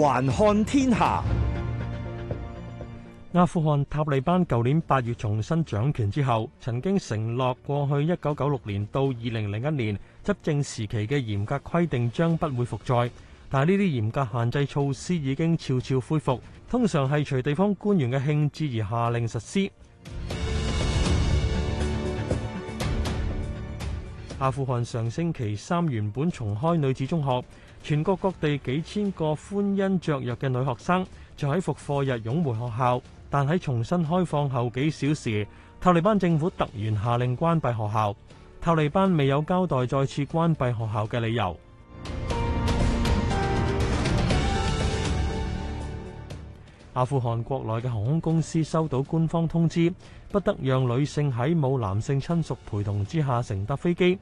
環看天下，阿富汗塔利班舊年八月重新掌權之後，曾經承諾過去一九九六年到二零零一年執政時期嘅嚴格規定將不會復再，但係呢啲嚴格限制措施已經悄悄恢復，通常係隨地方官員嘅興致而下令實施。阿富汗上星期三原本重開女子中學，全國各地幾千個歡欣雀躍嘅女學生就喺復課日湧回學校，但喺重新開放後幾小時，塔利班政府突然下令關閉學校，塔利班未有交代再次關閉學校嘅理由。阿富汗國內嘅航空公司收到官方通知，不得讓女性喺冇男性親屬陪同之下乘搭飛機。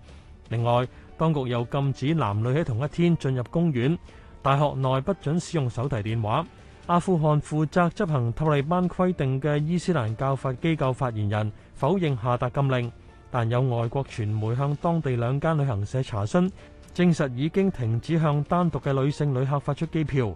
另外，當局又禁止男女喺同一天進入公園，大學內不准使用手提電話。阿富汗負責執行塔利班規定嘅伊斯蘭教法機構發言人否認下達禁令，但有外國傳媒向當地兩間旅行社查詢，證實已經停止向單獨嘅女性旅客發出機票。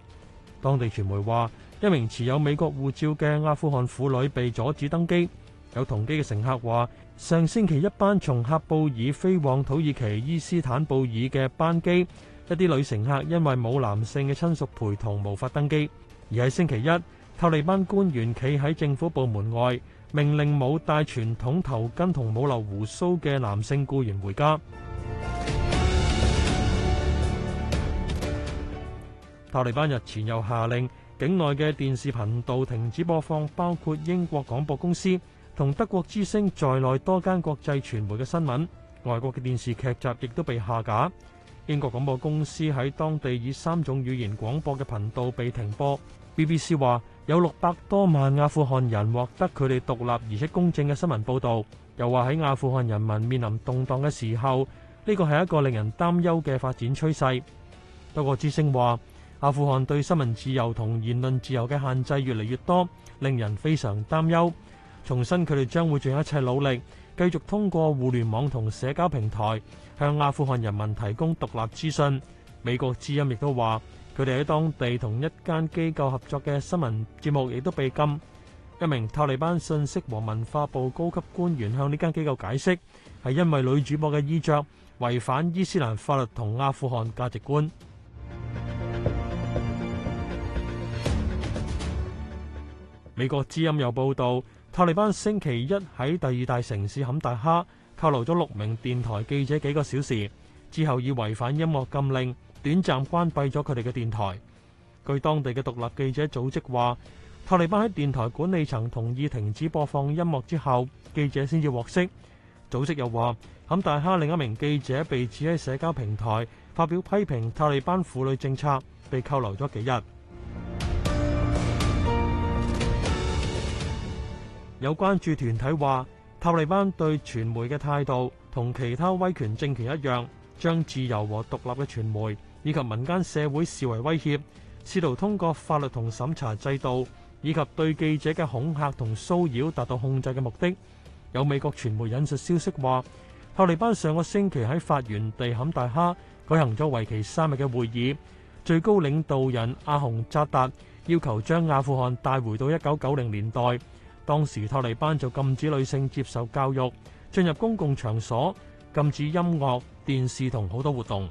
當地傳媒話：一名持有美國護照嘅阿富汗婦女被阻止登機。有同機嘅乘客話：上星期一班從喀布爾飛往土耳其伊斯坦布爾嘅班機，一啲女乘客因為冇男性嘅親屬陪同無法登機。而喺星期一，塔利班官員企喺政府部門外，命令冇戴傳統頭巾同冇留鬍鬚嘅男性雇員回家。塔利班日前又下令，境內嘅電視頻道停止播放，包括英國廣播公司同德國之聲在內多間國際傳媒嘅新聞，外國嘅電視劇集亦都被下架。英國廣播公司喺當地以三種語言廣播嘅頻道被停播。BBC 話有六百多萬阿富汗人獲得佢哋獨立而且公正嘅新聞報導，又話喺阿富汗人民面臨動盪嘅時候，呢個係一個令人擔憂嘅發展趨勢。德國之聲話。阿富汗對新聞自由同言論自由嘅限制越嚟越多，令人非常擔憂。重申佢哋將會盡一切努力，繼續通過互聯網同社交平台向阿富汗人民提供獨立資訊。美國之音亦都話，佢哋喺當地同一間機構合作嘅新聞節目亦都被禁。一名塔利班信息和文化部高級官員向呢間機構解釋，係因為女主播嘅衣著違反伊斯蘭法律同阿富汗價值觀。美國之音又報道，塔利班星期一喺第二大城市坎大哈扣留咗六名電台記者幾個小時，之後以違反音樂禁令，短暫關閉咗佢哋嘅電台。據當地嘅獨立記者組織話，塔利班喺電台管理層同意停止播放音樂之後，記者先至獲釋。組織又話，坎大哈另一名記者被指喺社交平台發表批評塔利班婦女政策，被扣留咗幾日。有關注團體話，塔利班對傳媒嘅態度同其他威權政權一樣，將自由和獨立嘅傳媒以及民間社會視為威脅，試圖通過法律同審查制度以及對記者嘅恐嚇同騷擾達到控制嘅目的。有美國傳媒引述消息話，塔利班上個星期喺發源地坎大哈舉行咗為期三日嘅會議，最高領導人阿洪扎達要求將阿富汗帶回到一九九零年代。當時塔利班就禁止女性接受教育、進入公共場所、禁止音樂、電視同好多活動。